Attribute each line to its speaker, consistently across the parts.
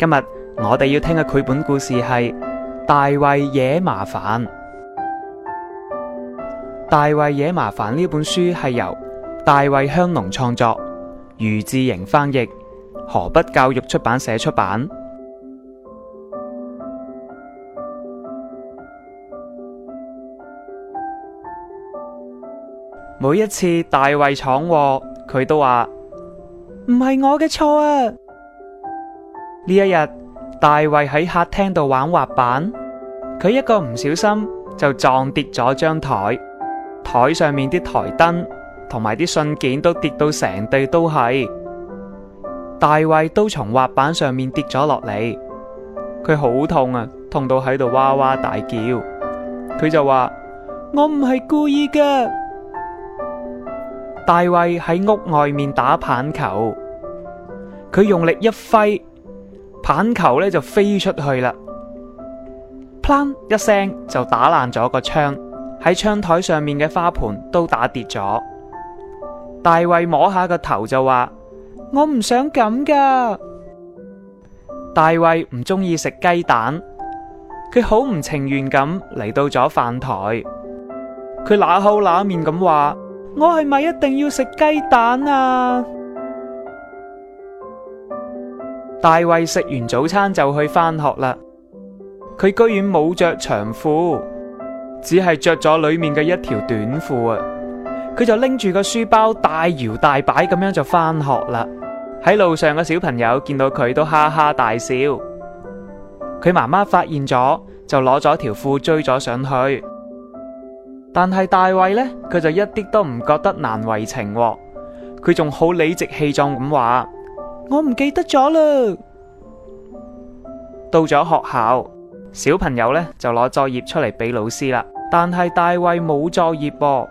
Speaker 1: 今日我哋要聽嘅繪本故事係《大衛惹麻煩》。《大衛惹麻煩》呢本書係由大衛香農創作，余治瑩翻譯，河北教育出版社出版。每一次大衛闖禍，佢都話唔係我嘅錯啊！呢一日，大衛喺客廳度玩滑板，佢一個唔小心就撞跌咗張台，台上面啲台燈同埋啲信件都跌到成地都係。大衛都從滑板上面跌咗落嚟，佢好痛啊，痛到喺度哇哇大叫。佢就話： 我唔係故意㗎。大衛喺屋外面打棒球，佢用力一揮。彈球呢就飛出去啦，砰一聲就打爛咗個窗，喺窗台上面嘅花盆都打跌咗。大衛摸下個頭就話：我唔想咁噶。大衛唔中意食雞蛋，佢好唔情願咁嚟到咗飯台，佢嗱口嗱面咁話：我係咪一定要食雞蛋啊？大衛食完早餐就去返學啦，佢居然冇着長褲，只係着咗裏面嘅一條短褲啊！佢就拎住個書包大搖大擺咁樣就返學啦。喺路上嘅小朋友見到佢都哈哈大笑，佢媽媽發現咗就攞咗條褲追咗上去，但係大衛呢，佢就一啲都唔覺得難為情，佢仲好理直氣壯咁話。我唔記得咗啦。到咗學校，小朋友呢就攞作業出嚟俾老師啦。但係大衛冇作業，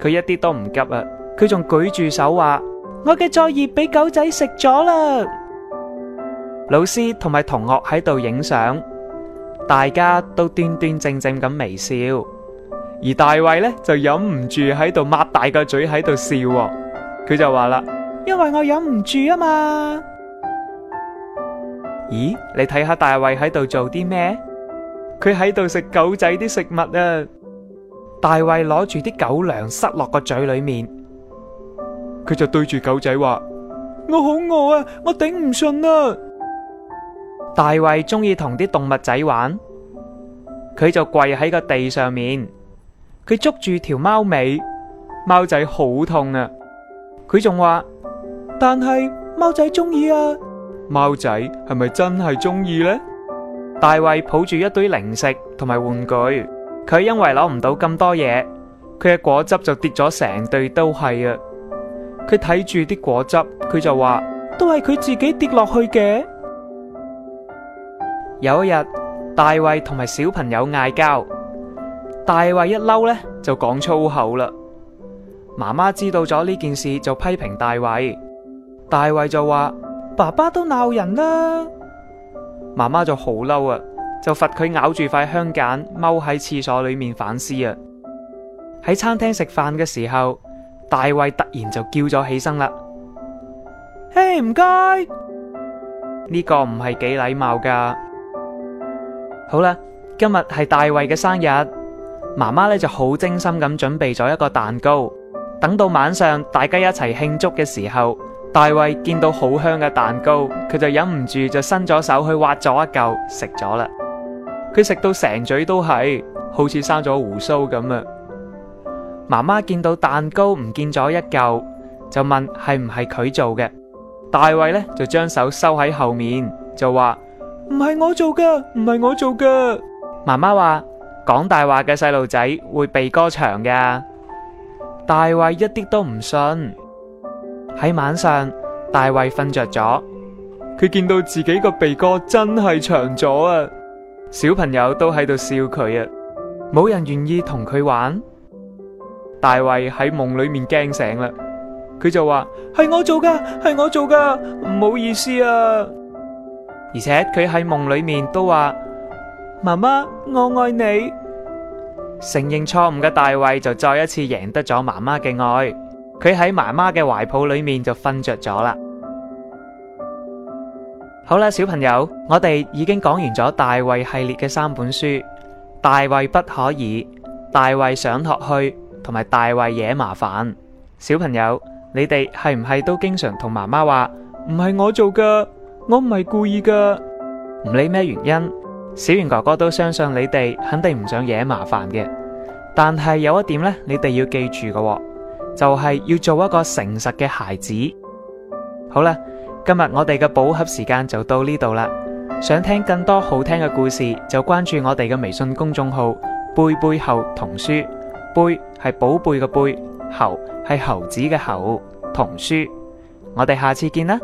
Speaker 1: 佢一啲都唔急啊。佢仲舉住手話：我嘅作業俾狗仔食咗啦。老師同埋同學喺度影相，大家都端端正正咁微笑。而大衛呢就忍唔住喺度擘大個嘴喺度笑。佢就話啦。因為我忍唔住啊嘛。咦，你睇下大衛喺度做啲咩？佢喺度食狗仔啲食物啊。大衛攞住啲狗糧塞落個嘴裏面，佢就對住狗仔話：「我好餓啊，我頂唔順啊！」大衛中意同啲動物仔玩，佢就跪喺個地上面，佢捉住條貓尾，貓仔好痛啊。佢仲話。但係貓仔中意啊！貓仔係咪真係中意呢？大衛抱住一堆零食同埋玩具，佢因為攞唔到咁多嘢，佢嘅果汁就跌咗成對都係啊！佢睇住啲果汁，佢就話都係佢自己跌落去嘅。有一日，大衛同埋小朋友嗌交，大衛一嬲呢，就講粗口啦。媽媽知道咗呢件事就批評大衛。大衛就話：爸爸都鬧人啦，媽媽就好嬲啊，就罰佢咬住塊香梘，踎喺廁所裏面反思啊。喺餐廳食飯嘅時候，大衛突然就叫咗起身啦。嘿、hey，唔該，呢個唔係幾禮貌噶。好啦，今日係大衛嘅生日，媽媽咧就好精心咁準備咗一個蛋糕，等到晚上大家一齊慶祝嘅時候。大衛見到好香嘅蛋糕，佢就忍唔住就伸咗手去挖咗一嚿食咗啦。佢食到成嘴都係，好似生咗鬍鬚咁啊！媽媽見到蛋糕唔見咗一嚿，就問係唔係佢做嘅？大衛呢就將手收喺後面，就話唔係我做噶，唔係我做噶。媽媽話講大話嘅細路仔會鼻哥長嘅。大衛一啲都唔信。喺晚上，大衛瞓着咗，佢見到自己個鼻哥真係長咗啊！小朋友都喺度笑佢啊，冇人願意同佢玩。大衛喺夢裏面驚醒啦，佢就話：係我做㗎，係我做㗎，唔好意思啊！而且佢喺夢裏面都話：媽媽，我愛你。承認錯誤嘅大衛就再一次贏得咗媽媽嘅愛。佢喺媽媽嘅懷抱裏面就瞓着咗啦。好啦，小朋友，我哋已經講完咗大衛系列嘅三本書《大衛不可以》《大衛想學去》同埋《大衛惹麻煩》。小朋友，你哋係唔係都經常同媽媽話，唔係我做噶，我唔係故意噶？唔理咩原因，小圓哥哥都相信你哋肯定唔想惹麻煩嘅。但係有一點呢，你哋要記住嘅、哦。就係要做一個誠實嘅孩子。好啦，今日我哋嘅寶盒時間就到呢度啦。想聽更多好聽嘅故事，就關注我哋嘅微信公眾號“貝貝猴童書”。貝係寶貝嘅貝，猴係猴子嘅猴，童書。我哋下次見啦。